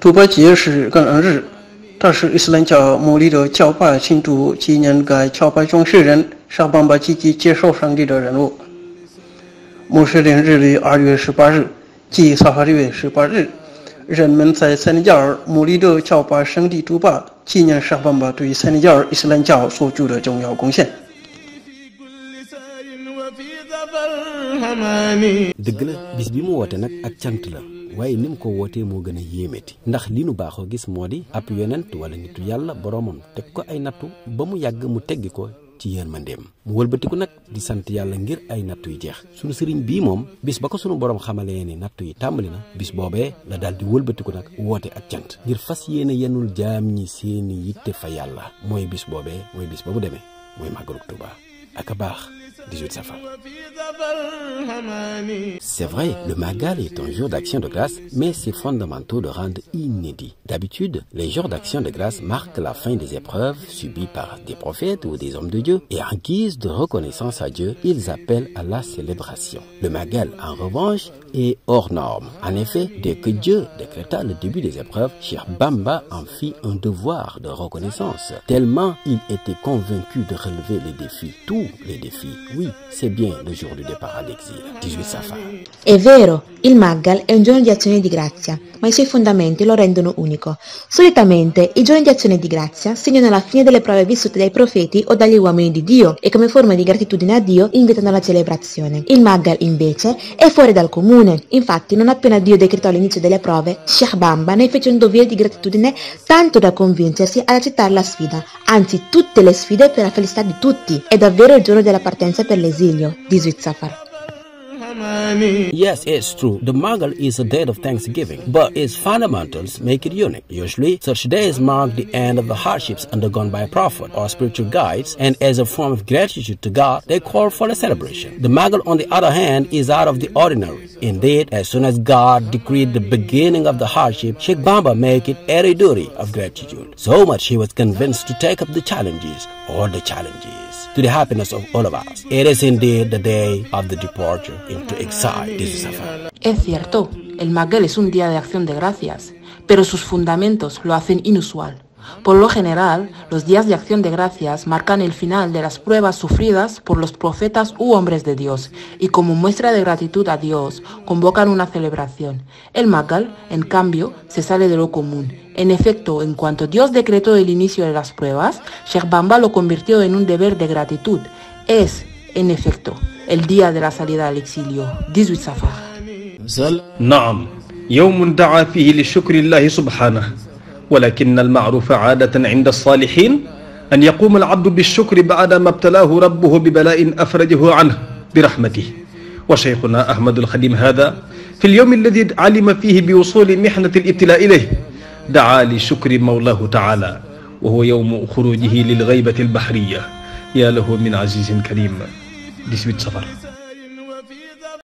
土伯节是感恩日，它是伊斯兰教摩利的教派信徒纪念该教派创始人沙班巴积极接受上帝的人物。穆斯林日历二月十八日，即萨哈月十八日，人们在塞内加尔摩利的教派圣地图巴纪念沙班巴对塞内加尔伊斯兰教所做的重要贡献。dëgg la bis bi mu woote nag ak cant la waaye ni mu ko wootee moo gën a yéeméti ndax li nu baaxoo gis moo di ab yeneent wala nitu yàlla boroomam teg ko ay nattu ba mu yàgg mu teggi ko ci yërmandeem mu wëlbatiku nag di sant yàlla ngir ay nattu yu jeex sunu sëriñ bii moom bis ba ko sunu boroom xamalee ni nattu yi tàmbali na bis boobee la daal di wëlbatiku nag woote ak cant ngir fas yéene yenul jaam ñi seeni yitte fa yàlla mooy bis boobee mooy bis ba demee ak a baax 18 safar C'est vrai, le Magal est un jour d'action de grâce, mais ses fondamentaux le rendent inédit. D'habitude, les jours d'action de grâce marquent la fin des épreuves subies par des prophètes ou des hommes de Dieu, et en guise de reconnaissance à Dieu, ils appellent à la célébration. Le Magal, en revanche, est hors norme. En effet, dès que Dieu décréta le début des épreuves, Cheikh Bamba en fit un devoir de reconnaissance, tellement il était convaincu de relever 18 Safar. È vero, il Maggal è un giorno di azione di grazia, ma i suoi fondamenti lo rendono unico. Solitamente i giorni di azione di grazia segnano la fine delle prove vissute dai profeti o dagli uomini di Dio e come forma di gratitudine a Dio invitano alla celebrazione. Il Maggal invece è fuori dal comune, infatti non appena Dio decretò l'inizio delle prove, Sheikh Bamba ne fece un dovere di gratitudine tanto da convincersi ad accettare la sfida, anzi tutte Yes, it's true. The Magal is a date of thanksgiving, but its fundamentals make it unique. Usually, such days mark the end of the hardships undergone by prophet or spiritual guides, and as a form of gratitude to God, they call for a celebration. The Magal, on the other hand, is out of the ordinary. Indeed, as soon as God decreed the beginning of the hardship, Sheikh Bamba made it a duty of gratitude. So much he was convinced to take up the challenges, Es cierto, el Maguel es un día de acción de gracias, pero sus fundamentos lo hacen inusual. Por lo general, los días de acción de gracias marcan el final de las pruebas sufridas por los profetas u hombres de Dios y como muestra de gratitud a Dios convocan una celebración. El Magal, en cambio, se sale de lo común. En efecto, en cuanto Dios decretó el inicio de las pruebas, Sherbamba lo convirtió en un deber de gratitud. Es, en efecto, el día de la salida al exilio 18 safar نعم يوم دعا فيه لشكر الله سبحانه ولكن المعروف عادة عند الصالحين أن يقوم العبد بالشكر بعد ما ابتلاه ربه ببلاء أفرجه عنه برحمته وشيخنا أحمد الخليم هذا في اليوم الذي علم فيه بوصول محنة الابتلاء إليه دعا لشكر مولاه تعالى وهو يوم خروجه للغيبة البحرية يا له من عزيز كريم 18 safar